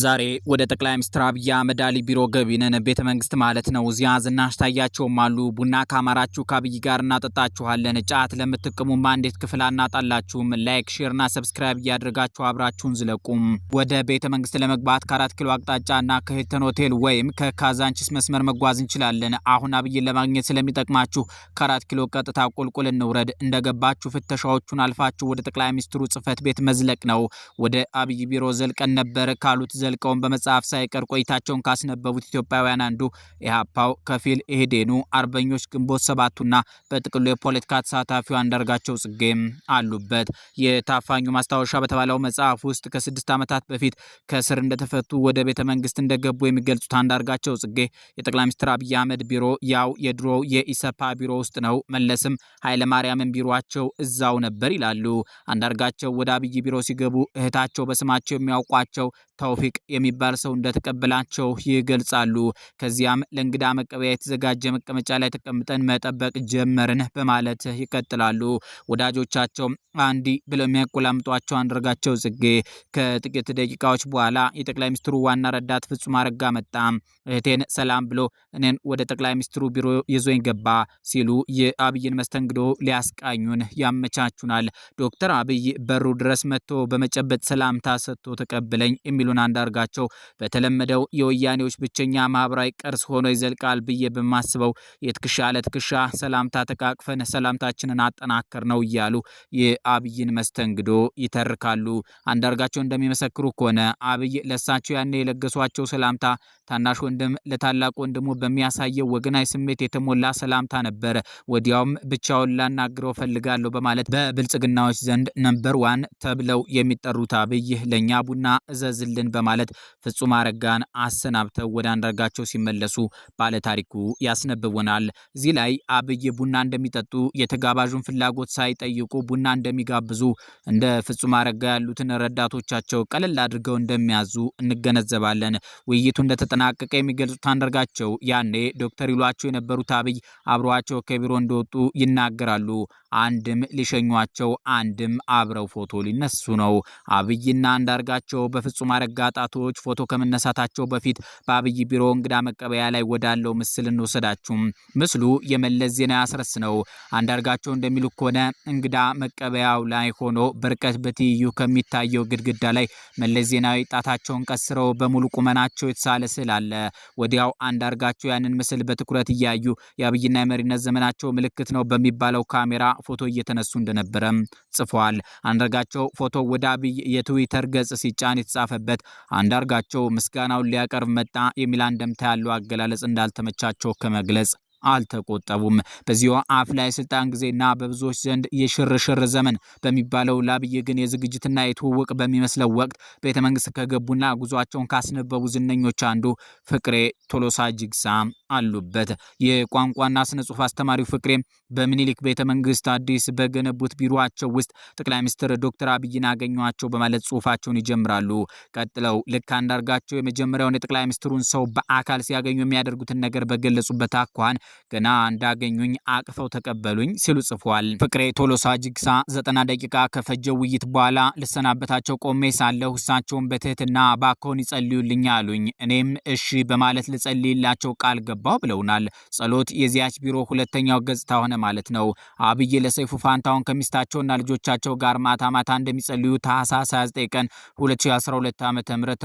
ዛሬ ወደ ጠቅላይ ሚኒስትር አብይ አህመድ አሊ ቢሮ ገቢነን ቤተ መንግስት ማለት ነው። እዚያ ዝናሽ ታያቸውም አሉ። ቡና ካማራችሁ ከአብይ ጋር እናጠጣችኋለን። ጫት ለምትቅሙማ እንዴት ክፍል አናጣላችሁም። ላይክ፣ ሼርና ሰብስክራይብ እያደረጋችሁ አብራችሁን ዝለቁም። ወደ ቤተ መንግስት ለመግባት ከአራት ኪሎ አቅጣጫና ከሂልተን ሆቴል ወይም ከካዛንችስ መስመር መጓዝ እንችላለን። አሁን አብይን ለማግኘት ስለሚጠቅማችሁ ከአራት ኪሎ ቀጥታ ቁልቁል እንውረድ። እንደገባችሁ ፍተሻዎቹን አልፋችሁ ወደ ጠቅላይ ሚኒስትሩ ጽህፈት ቤት መዝለቅ ነው። ወደ አብይ ቢሮ ዘልቀን ነበር ካሉት ዘልቀውን በመጽሐፍ ሳይቀር ቆይታቸውን ካስነበቡት ኢትዮጵያውያን አንዱ ኢህአፓው ከፊል ኢህዴኑ፣ አርበኞች ግንቦት ሰባቱና በጥቅሉ የፖለቲካ ተሳታፊው አንዳርጋቸው ጽጌም አሉበት። የታፋኙ ማስታወሻ በተባለው መጽሐፍ ውስጥ ከስድስት ዓመታት በፊት ከእስር እንደተፈቱ ወደ ቤተ መንግስት እንደገቡ የሚገልጹት አንዳርጋቸው ጽጌ የጠቅላይ ሚኒስትር አብይ አህመድ ቢሮ ያው የድሮ የኢሰፓ ቢሮ ውስጥ ነው። መለስም ኃይለማርያምን ቢሮቸው እዛው ነበር ይላሉ። አንዳርጋቸው ወደ አብይ ቢሮ ሲገቡ እህታቸው በስማቸው የሚያውቋቸው ተውፊቅ የሚባል ሰው እንደተቀበላቸው ይገልጻሉ። ከዚያም ለእንግዳ መቀበያ የተዘጋጀ መቀመጫ ላይ ተቀምጠን መጠበቅ ጀመርን በማለት ይቀጥላሉ። ወዳጆቻቸው አንዲ ብለው የሚያቆላምጧቸው አንዳርጋቸው ጽጌ ከጥቂት ደቂቃዎች በኋላ የጠቅላይ ሚኒስትሩ ዋና ረዳት ፍጹም አረጋ መጣ። እህቴን ሰላም ብሎ እኔን ወደ ጠቅላይ ሚኒስትሩ ቢሮ ይዞኝ ገባ ሲሉ የአብይን መስተንግዶ ሊያስቃኙን ያመቻቹናል። ዶክተር አብይ በሩ ድረስ መጥቶ በመጨበጥ ሰላምታ ሰጥቶ ተቀብለኝ የሚሉ ቡድን አንዳርጋቸው በተለመደው የወያኔዎች ብቸኛ ማህበራዊ ቅርስ ሆኖ ይዘልቃል ብዬ በማስበው የትከሻ ለትከሻ ሰላምታ ተቃቅፈን ሰላምታችንን አጠናከር ነው እያሉ የአብይን መስተንግዶ ይተርካሉ። አንዳርጋቸው እንደሚመሰክሩ ከሆነ አብይ ለሳቸው ያኔ የለገሷቸው ሰላምታ ታናሽ ወንድም ለታላቅ ወንድሙ በሚያሳየው ወገናዊ ስሜት የተሞላ ሰላምታ ነበር። ወዲያውም ብቻውን ላናግረው ፈልጋለሁ በማለት በብልጽግናዎች ዘንድ ነምበር ዋን ተብለው የሚጠሩት አብይ ለእኛ ቡና እዘዝልን በማለት ፍጹም አረጋን አሰናብተው ወደ አንዳርጋቸው ሲመለሱ ባለታሪኩ ያስነብቡናል። እዚህ ላይ አብይ ቡና እንደሚጠጡ የተጋባዡን ፍላጎት ሳይጠይቁ ቡና እንደሚጋብዙ እንደ ፍጹም አረጋ ያሉትን ረዳቶቻቸው ቀለል አድርገው እንደሚያዙ እንገነዘባለን። ውይይቱ እንደተጠና እንደተጠናቀቀ የሚገልጹት አንዳርጋቸው ያኔ ዶክተር ይሏቸው የነበሩት አብይ አብረዋቸው ከቢሮ እንደወጡ ይናገራሉ። አንድም ሊሸኟቸው፣ አንድም አብረው ፎቶ ሊነሱ ነው። አብይና አንዳርጋቸው በፍጹም አረጋ ጣቶች ፎቶ ከመነሳታቸው በፊት በአብይ ቢሮ እንግዳ መቀበያ ላይ ወዳለው ምስል እንወሰዳችሁም። ምስሉ የመለስ ዜና ያስረስ ነው። አንዳርጋቸው እንደሚሉ ከሆነ እንግዳ መቀበያው ላይ ሆኖ በርቀት በትይዩ ከሚታየው ግድግዳ ላይ መለስ ዜናዊ ጣታቸውን ቀስረው በሙሉ ቁመናቸው የተሳለ ምስል አለ። ወዲያው አንዳርጋቸው ያንን ምስል በትኩረት እያዩ የአብይና የመሪነት ዘመናቸው ምልክት ነው በሚባለው ካሜራ ፎቶ እየተነሱ እንደነበረም ጽፏል። አንዳርጋቸው ፎቶ ወደ አብይ የትዊተር ገጽ ሲጫን የተጻፈበት አንዳርጋቸው ምስጋናውን ሊያቀርብ መጣ የሚል አንደምታ ያለው አገላለጽ እንዳልተመቻቸው ከመግለጽ አልተቆጠቡም። በዚሁ አፍላይ ስልጣን ጊዜና በብዙዎች ዘንድ የሽርሽር ዘመን በሚባለው ለአብይ ግን የዝግጅትና የትውውቅ በሚመስለው ወቅት ቤተ መንግስት ከገቡና ጉዟቸውን ካስነበቡ ዝነኞች አንዱ ፍቅሬ ቶሎሳ ጅግሳ አሉበት። የቋንቋና ስነ ጽሁፍ አስተማሪው ፍቅሬ በምኒልክ ቤተ መንግስት አዲስ በገነቡት ቢሮቸው ውስጥ ጠቅላይ ሚኒስትር ዶክተር አብይን አገኟቸው በማለት ጽሁፋቸውን ይጀምራሉ። ቀጥለው ልክ አንዳርጋቸው የመጀመሪያውን የጠቅላይ ሚኒስትሩን ሰው በአካል ሲያገኙ የሚያደርጉትን ነገር በገለጹበት አኳን ገና እንዳገኙኝ አቅፈው ተቀበሉኝ ሲሉ ጽፏል። ፍቅሬ ቶሎሳ ጅግሳ ዘጠና ደቂቃ ከፈጀው ውይይት በኋላ ልሰናበታቸው ቆሜ ሳለሁ እሳቸውን በትህትና ባኮን ይጸልዩልኝ አሉኝ። እኔም እሺ በማለት ልጸልይላቸው ቃል ገባው ብለውናል። ጸሎት የዚያች ቢሮ ሁለተኛው ገጽታ ሆነ ማለት ነው። አብይ ለሰይፉ ፋንታውን ከሚስታቸውና ልጆቻቸው ጋር ማታ ማታ እንደሚጸልዩ ታህሳስ 29 ቀን 2012 ዓ ም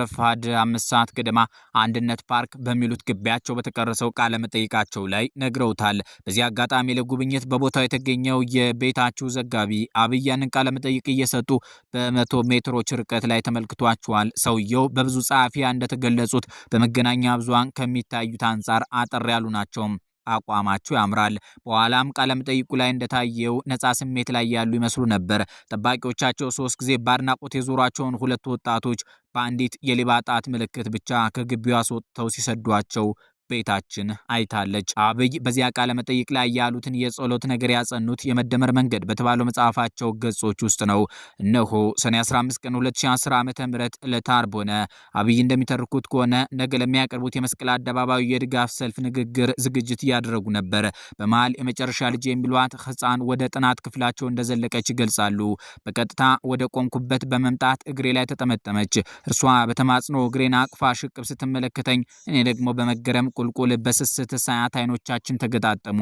ረፋድ አምስት ሰዓት ገደማ አንድነት ፓርክ በሚሉት ግቢያቸው በተቀረሰው ቃለ መጠይቃቸው ላይ ነግረውታል። በዚህ አጋጣሚ ለጉብኝት በቦታው የተገኘው የቤታችሁ ዘጋቢ አብይ ያንን ቃለ መጠይቅ እየሰጡ በመቶ ሜትሮች ርቀት ላይ ተመልክቷቸዋል። ሰውየው በብዙ ጸሐፊያ እንደተገለጹት በመገናኛ ብዙሃን ከሚታዩት አንጻር አጠር ያሉ ናቸው። አቋማቸው ያምራል። በኋላም ቃለመጠይቁ ላይ እንደታየው ነፃ ስሜት ላይ ያሉ ይመስሉ ነበር። ጠባቂዎቻቸው ሶስት ጊዜ በአድናቆት የዞሯቸውን ሁለት ወጣቶች በአንዲት የሌባ ጣት ምልክት ብቻ ከግቢው አስወጥተው ሲሰዷቸው ቤታችን አይታለች። አብይ በዚያ ቃለ መጠይቅ ላይ ያሉትን የጸሎት ነገር ያጸኑት የመደመር መንገድ በተባለው መጽሐፋቸው ገጾች ውስጥ ነው። እነሆ ሰኔ 15 ቀን 2010 ዓ ም ዕለተ ዓርብ ሆነ። አብይ እንደሚተርኩት ከሆነ ነገ ለሚያቀርቡት የመስቀል አደባባዩ የድጋፍ ሰልፍ ንግግር ዝግጅት እያደረጉ ነበር። በመሃል የመጨረሻ ልጅ የሚሏት ህፃን ወደ ጥናት ክፍላቸው እንደዘለቀች ይገልጻሉ። በቀጥታ ወደ ቆምኩበት በመምጣት እግሬ ላይ ተጠመጠመች። እርሷ በተማጽኖ እግሬን አቅፋ ሽቅብ ስትመለከተኝ እኔ ደግሞ በመገረም ቁልቁል በስስት ሰዓት አይኖቻችን ተገጣጠሙ።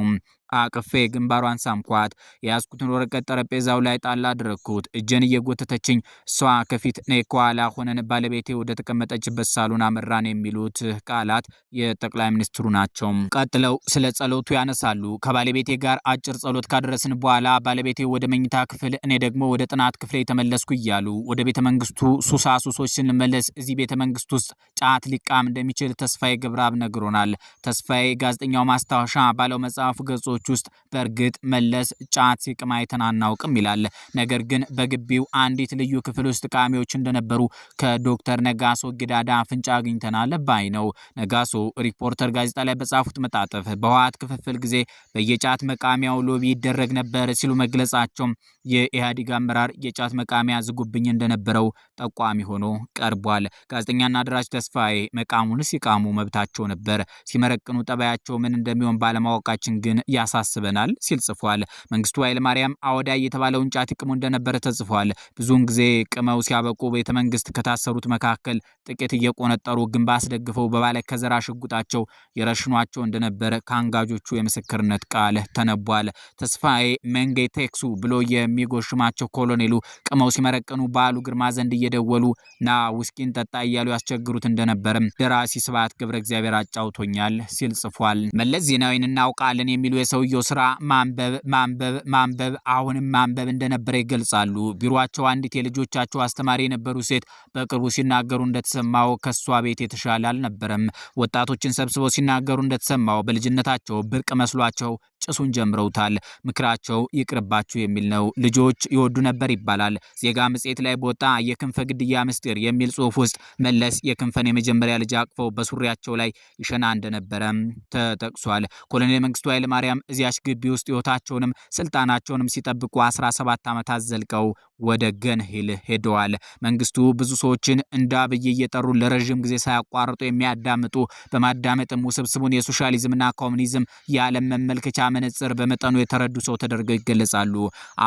አቅፌ ግንባሯን ሳምኳት። የያዝኩትን ወረቀት ጠረጴዛው ላይ ጣላ አድረግኩት። እጄን እየጎተተችኝ እሷ ከፊት እኔ ከኋላ ሆነን ባለቤቴ ወደ ተቀመጠችበት ሳሉን አመራን የሚሉት ቃላት የጠቅላይ ሚኒስትሩ ናቸው። ቀጥለው ስለ ጸሎቱ ያነሳሉ። ከባለቤቴ ጋር አጭር ጸሎት ካደረስን በኋላ ባለቤቴ ወደ መኝታ ክፍል፣ እኔ ደግሞ ወደ ጥናት ክፍል የተመለስኩ እያሉ ወደ ቤተ መንግስቱ ሱሳ ሱሶች ስንመለስ እዚህ ቤተ መንግስት ውስጥ ጫት ሊቃም እንደሚችል ተስፋዬ ገብረአብ ነግሮናል። ተስፋዬ ጋዜጠኛው ማስታወሻ ባለው መጽሐፍ ገጾ ክላሶች ውስጥ በእርግጥ መለስ ጫት ሲቅም አይተን አናውቅም ይላል። ነገር ግን በግቢው አንዲት ልዩ ክፍል ውስጥ ቃሚዎች እንደነበሩ ከዶክተር ነጋሶ ጊዳዳ አፍንጫ አግኝተናል ባይ ነው። ነጋሶ ሪፖርተር ጋዜጣ ላይ በጻፉት መጣጠፍ በህወሓት ክፍፍል ጊዜ በየጫት መቃሚያው ሎቢ ይደረግ ነበር ሲሉ መግለጻቸውም የኢህአዴግ አመራር የጫት መቃሚያ ዝጉብኝ እንደነበረው ጠቋሚ ሆኖ ቀርቧል። ጋዜጠኛና ደራሲ ተስፋዬ መቃሙን ሲቃሙ መብታቸው ነበር፣ ሲመረቅኑ ጠባያቸው ምን እንደሚሆን ባለማወቃችን ግን ያ ያሳስበናል ሲል ጽፏል። መንግስቱ ኃይለማርያም አወዳይ የተባለውን ጫት ቅሙ እንደነበረ ተጽፏል። ብዙውን ጊዜ ቅመው ሲያበቁ ቤተ መንግስት ከታሰሩት መካከል ጥቂት እየቆነጠሩ ግንባ አስደግፈው በባለ ከዘራ ሽጉጣቸው የረሽኗቸው እንደነበረ ከአንጋጆቹ የምስክርነት ቃል ተነቧል። ተስፋዬ መንጌ ቴክሱ ብሎ የሚጎሽማቸው ኮሎኔሉ ቅመው ሲመረቅኑ በዓሉ ግርማ ዘንድ እየደወሉ ና ውስኪን ጠጣ እያሉ ያስቸግሩት እንደነበረም ደራሲ ስብሐት ገብረ እግዚአብሔር አጫውቶኛል ሲል ጽፏል። መለስ ዜናዊን እናውቃለን የሚሉ የሰውየው ስራ ማንበብ ማንበብ ማንበብ አሁንም ማንበብ እንደነበረ ይገልጻሉ። ቢሮቸው አንዲት የልጆቻቸው አስተማሪ የነበሩ ሴት በቅርቡ ሲናገሩ እንደተሰ እንደተሰማው ከእሷ ቤት የተሻለ አልነበረም። ወጣቶችን ሰብስበው ሲናገሩ እንደተሰማው በልጅነታቸው ብርቅ መስሏቸው ጭሱን ጀምረውታል። ምክራቸው ይቅርባችሁ የሚል ነው። ልጆች ይወዱ ነበር ይባላል። ዜጋ መጽሔት ላይ በወጣ የክንፈ ግድያ ምስጢር የሚል ጽሑፍ ውስጥ መለስ የክንፈን የመጀመሪያ ልጅ አቅፈው በሱሪያቸው ላይ ይሸና እንደነበረም ተጠቅሷል። ኮሎኔል መንግስቱ ኃይለማርያም እዚያች ግቢ ውስጥ ሕይወታቸውንም ስልጣናቸውንም ሲጠብቁ 17 ዓመታት ዘልቀው ወደ ገንሂል ሄደዋል። መንግስቱ ብዙ ሰዎችን እንደ አብይ እየጠሩ ለረዥም ጊዜ ሳያቋርጡ የሚያዳምጡ በማዳመጥም ውስብስቡን የሶሻሊዝምና ኮሙኒዝም የዓለም መመልከቻ መነጽር በመጠኑ የተረዱ ሰው ተደርገው ይገለጻሉ።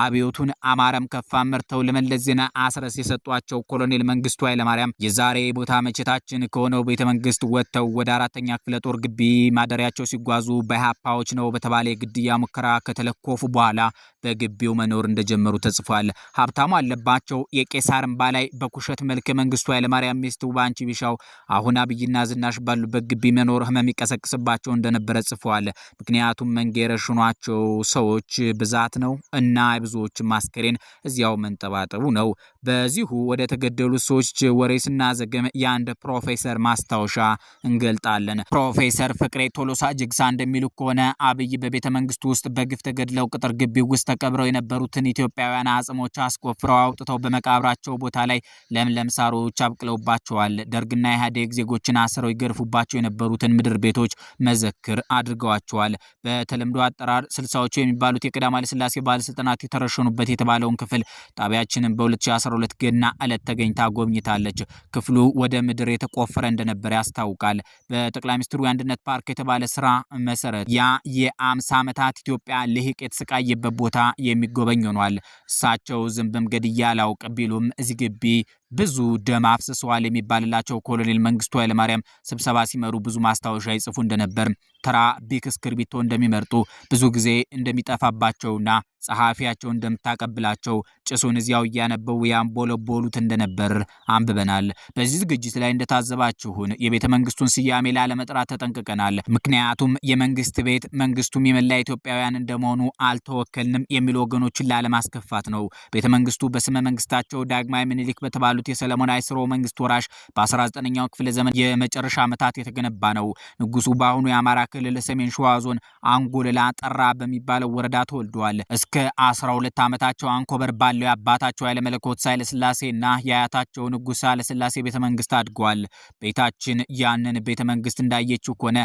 አብዮቱን አማረም ከፋ መርተው ለመለስ ዜና አስረስ የሰጧቸው ኮሎኔል መንግስቱ ኃይለማርያም የዛሬ ቦታ መቼታችን ከሆነው ቤተ መንግስት ወጥተው ወደ አራተኛ ክፍለ ጦር ግቢ ማደሪያቸው ሲጓዙ በኢህአፓዎች ነው በተባለ የግድያ ሙከራ ከተለኮፉ በኋላ በግቢው መኖር እንደጀመሩ ተጽፏል። ሀብታ ድካም አለባቸው። የቄሳር እምባ ላይ በኩሸት መልክ መንግስቱ ኃይለማርያም ሚስት ውባንቺ ቢሻው አሁን አብይና ዝናሽ ባሉበት ግቢ መኖር ህመም ይቀሰቅስባቸው እንደነበረ ጽፈዋል። ምክንያቱም መንጌ የረሽኗቸው ሰዎች ብዛት ነው እና የብዙዎች ማስከሬን እዚያው መንጠባጠቡ ነው። በዚሁ ወደ ተገደሉ ሰዎች ወሬ ስናዘግም የአንድ ፕሮፌሰር ማስታወሻ እንገልጣለን። ፕሮፌሰር ፍቅሬ ቶሎሳ ጅግሳ እንደሚሉ ከሆነ አብይ በቤተ መንግስቱ ውስጥ በግፍ ተገድለው ቅጥር ግቢ ውስጥ ተቀብረው የነበሩትን ኢትዮጵያውያን አጽሞች አስቆ ቆፍረው አውጥተው በመቃብራቸው ቦታ ላይ ለምለም ሳሮች አብቅለውባቸዋል። ደርግና ኢህአዴግ ዜጎችን አስረው ይገርፉባቸው የነበሩትን ምድር ቤቶች መዘክር አድርገዋቸዋል። በተለምዶ አጠራር ስልሳዎቹ የሚባሉት የቀዳማዊ ሥላሴ ባለስልጣናት የተረሸኑበት የተባለውን ክፍል ጣቢያችንን በ2012 ገና ዕለት ተገኝታ ጎብኝታለች። ክፍሉ ወደ ምድር የተቆፈረ እንደነበረ ያስታውቃል። በጠቅላይ ሚኒስትሩ የአንድነት ፓርክ የተባለ ስራ መሰረት ያ የአምሳ ዓመታት ኢትዮጵያ ልሂቅ የተሰቃየበት ቦታ የሚጎበኝ ሆኗል። እሳቸው ዝንብ ማንም ገድያ ቢሉም እዚህ ግቢ ብዙ ደም አፍስሰዋል የሚባልላቸው ኮሎኔል መንግስቱ ኃይለማርያም ስብሰባ ሲመሩ ብዙ ማስታወሻ ይጽፉ እንደነበር፣ ተራ ቢክ እስክርቢቶ እንደሚመርጡ፣ ብዙ ጊዜ እንደሚጠፋባቸውና ጸሐፊያቸው እንደምታቀብላቸው ጭሱን እዚያው እያነበቡ ያንቦለቦሉት እንደነበር አንብበናል። በዚህ ዝግጅት ላይ እንደታዘባችሁን የቤተ መንግስቱን ስያሜ ላለመጥራት ተጠንቅቀናል። ምክንያቱም የመንግስት ቤት መንግስቱም የመላ ኢትዮጵያውያን እንደመሆኑ አልተወከልንም የሚሉ ወገኖችን ላለማስከፋት ነው። ቤተ መንግስቱ በስመ መንግስታቸው ዳግማዊ ምኒልክ በተባሉት የሰለሞናዊ ስርወ መንግስት ወራሽ በ19ኛው ክፍለ ዘመን የመጨረሻ ዓመታት የተገነባ ነው። ንጉሱ በአሁኑ የአማራ ክልል ሰሜን ሸዋ ዞን አንጎልላ ጠራ በሚባለው ወረዳ ተወልደዋል። ከ12 ዓመታቸው አንኮበር ባለው የአባታቸው ኃይለመለኮት ኃይለሥላሴና የአያታቸው ንጉሥ ኃይለሥላሴ ቤተመንግስት አድጓል። ቤታችን ያንን ቤተመንግስት እንዳየችው ከሆነ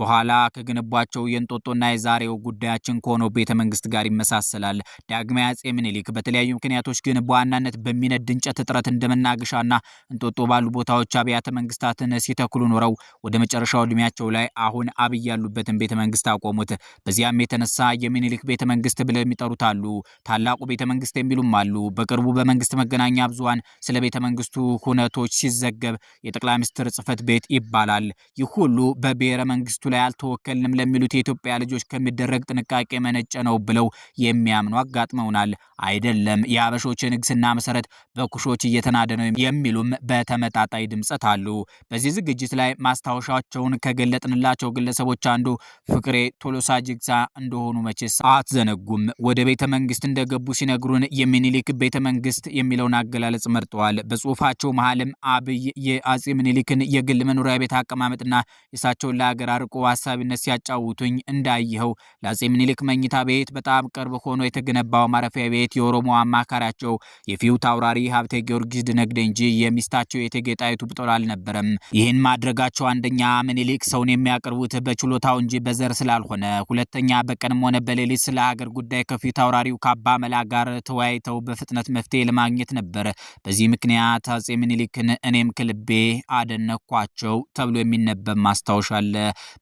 በኋላ ከገነቧቸው የእንጦጦና የዛሬው ጉዳያችን ከሆነው ቤተ መንግስት ጋር ይመሳሰላል። ዳግማዊ አጼ ምኒልክ በተለያዩ ምክንያቶች ግን በዋናነት በሚነድ እንጨት እጥረት እንደመናገሻና እንጦጦ ባሉ ቦታዎች አብያተ መንግስታትን ሲተክሉ ኖረው ወደ መጨረሻው እድሜያቸው ላይ አሁን አብይ ያሉበትን ቤተ መንግስት አቆሙት። በዚያም የተነሳ የሚኒሊክ ቤተ መንግስት ብለው የሚጠሩት አሉ፣ ታላቁ ቤተ መንግስት የሚሉም አሉ። በቅርቡ በመንግስት መገናኛ ብዙኃን ስለ ቤተ መንግስቱ ሁነቶች ሲዘገብ የጠቅላይ ሚኒስትር ጽህፈት ቤት ይባላል። ይህ ሁሉ በብሔረ መንግስቱ ላይ አልተወከልንም ለሚሉት የኢትዮጵያ ልጆች ከሚደረግ ጥንቃቄ መነጨ ነው ብለው የሚያምኑ አጋጥመውናል። አይደለም የአበሾች ንግስና መሰረት በኩሾች እየተናደ ነው የሚሉም በተመጣጣኝ ድምፀት አሉ። በዚህ ዝግጅት ላይ ማስታወሻቸውን ከገለጥንላቸው ግለሰቦች አንዱ ፍቅሬ ቶሎሳ ጅግሳ እንደሆኑ መቼስ አትዘነጉም። ወደ ቤተ መንግስት እንደገቡ ሲነግሩን የሚኒሊክ ቤተ መንግስት የሚለውን አገላለጽ መርጠዋል። በጽሁፋቸው መሀልም አብይ የአጼ ምኒሊክን የግል መኖሪያ ቤት አቀማመጥና የእሳቸውን ለሀገር አርቆ አሳቢነት ሲያጫውቱኝ እንዳየኸው ለአጼ ምኒልክ መኝታ ቤት በጣም ቅርብ ሆኖ የተገነባው ማረፊያ ቤት የኦሮሞ አማካሪያቸው የፊውት አውራሪ ሀብቴ ጊዮርጊስ ድነግደ እንጂ የሚስታቸው የእቴጌ ጣይቱ ብጦል አልነበረም። ይህን ማድረጋቸው አንደኛ ምኒልክ ሰውን የሚያቀርቡት በችሎታው እንጂ በዘር ስላልሆነ፣ ሁለተኛ በቀንም ሆነ በሌሊት ስለ ሀገር ጉዳይ ከፊውት አውራሪው ከአባ መላ ጋር ተወያይተው በፍጥነት መፍትሄ ለማግኘት ነበር። በዚህ ምክንያት አጼ ምኒልክን እኔም ክልቤ አደነኳቸው ተብሎ የሚነበብ ማስታወሻ አለ።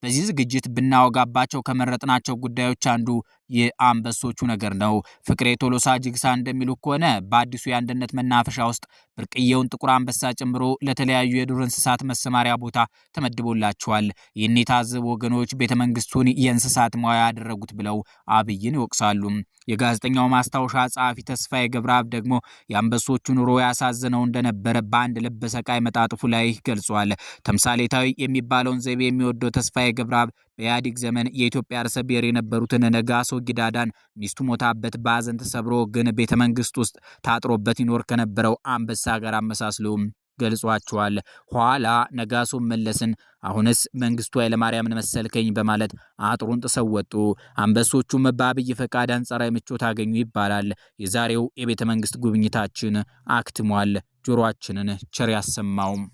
በዚህ ዝግጅት ብናወጋባቸው ከመረጥናቸው ጉዳዮች አንዱ የአንበሶቹ ነገር ነው። ፍቅሬ ቶሎሳ ጅግሳ እንደሚሉ ከሆነ በአዲሱ የአንድነት መናፈሻ ውስጥ ብርቅዬውን ጥቁር አንበሳ ጨምሮ ለተለያዩ የዱር እንስሳት መሰማሪያ ቦታ ተመድቦላቸዋል። ይህን የታዘቡ ወገኖች ቤተ መንግስቱን የእንስሳት ሙያ ያደረጉት ብለው አብይን ይወቅሳሉ። የጋዜጠኛው ማስታወሻ ጸሐፊ ተስፋዬ ገብረአብ ደግሞ የአንበሶቹ ኑሮ ያሳዘነው እንደነበረ በአንድ ልብ ሰቃይ መጣጥፉ ላይ ገልጿል። ተምሳሌታዊ የሚባለውን ዘይቤ የሚወደው ተስፋዬ ገብረአብ በኢህአዴግ ዘመን የኢትዮጵያ ርዕሰ ብሔር የነበሩትን ነጋሶ ጊዳዳን ሚስቱ ሞታበት በአዘን ተሰብሮ ግን ቤተ መንግስት ውስጥ ታጥሮበት ይኖር ከነበረው አንበሳ ጋር አመሳስለውም ገልጿቸዋል። ኋላ ነጋሶ መለስን አሁንስ መንግስቱ ኃይለማርያምን መሰልከኝ በማለት አጥሩን ጥሰው ወጡ። አንበሶቹም በአብይ ፈቃድ አንጻራዊ ምቾት አገኙ ይባላል። የዛሬው የቤተ መንግስት ጉብኝታችን አክትሟል። ጆሮአችንን ቸር ያሰማውም።